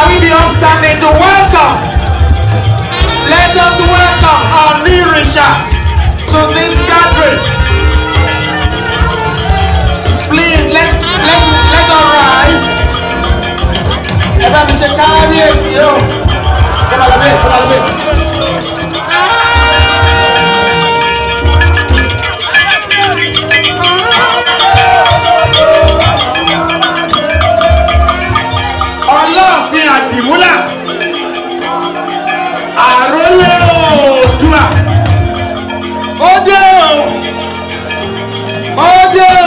Shall we be upstanding to welcome? Let us welcome our new Nirisha to this gathering. Please, let's, let's, let's arise. rise. Ẹ bá mi Come on, o. Ẹ bá lọ bẹ́ẹ̀, ẹ dìmúlà àrólé oòdùà ó dé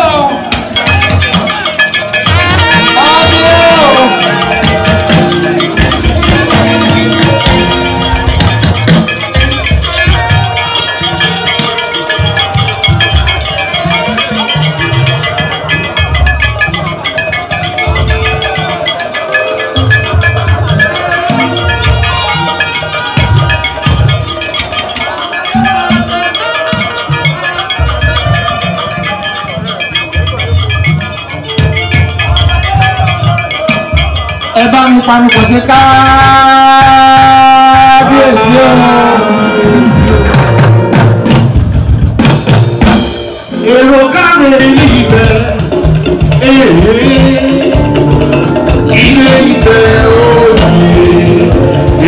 ẹ bá mi panupọ̀ ṣe káábíyèsí o. èrò káàrin ní ibẹ̀ ilé ibẹ̀ òye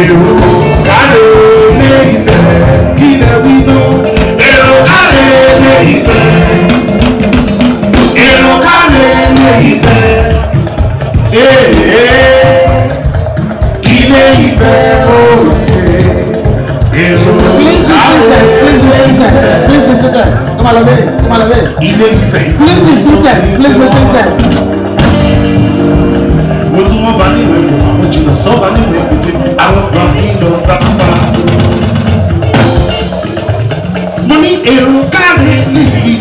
èrò káàrin ní ibẹ̀ kílẹ̀ wí náà èrò káàrin ní ibẹ̀. Ilé Ifẹ̀. Please be seated. Please be seated. Mo sún wọ́n bá níwèé kò àwọn jìnnà sọ́ bá níwèé kò tí àwọn kan ń lọ pápá. Mo ní èrò káre níbi.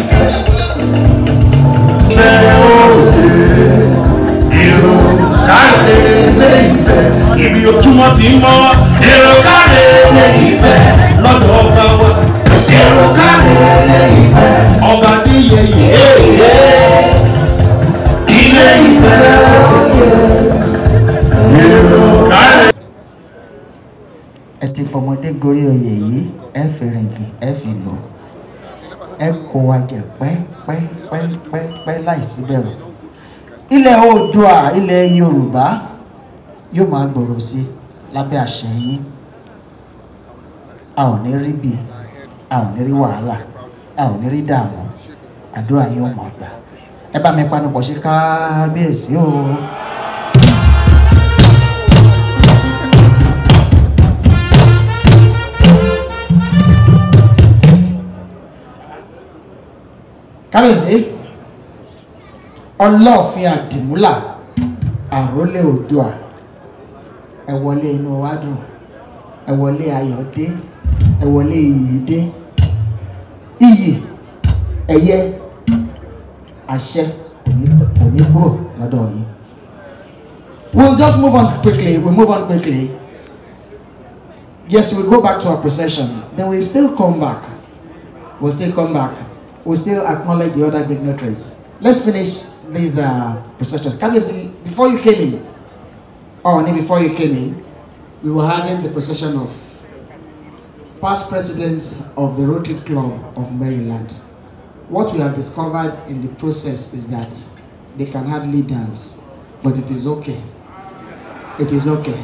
kiri ojúmọ́ ti ń mọ́. èrò káre lè ìfẹ́ lọ́dọ̀ ọba wa. èrò káre lè ìfẹ́. ọba Adéyẹyè. ilé ìfẹ́ òye èrò káre. ẹ ti fọmọdé gorí oyè yìí ẹ fi rìngì ẹ fi lò ẹ kó wa jẹ pẹ́pẹ́pẹ́pẹ́pẹ́ láìsí bẹ̀rù ilẹ̀ Oòduà ilẹ̀ Yorùbá yóò máa gbòòrò sí lábẹ́ àṣẹ yín a ò ní rí bì a ò ní rí wàhálà a ò ní rí dààmú àdúrà yín ò mọ̀ gbà ẹ bá mi panupọ̀ ṣe kábíyèsí o. kábíyèsí ọlọ́ọ̀fin àdìmúlà àrólé oòdùà. ẹ inú wa dùn wọlé ayọ̀ dé wọlé iyì dé iyì ẹ̀yẹ àṣẹ kò ní kúrò lọ́dọ̀ yìí. We'll just move on quickly. We'll move on quickly. Yes, we'll go back to our procession. Then we'll still come back. We'll still come back. We'll still acknowledge the other dignitaries. Let's finish this uh, procession. Can you see, before you came in, Oni, oh, before you came in, we were having the procession of past presidents of the Rotary Club of Maryland. What we have discovered in the process is that they can hardly dance, but it is okay. It is okay.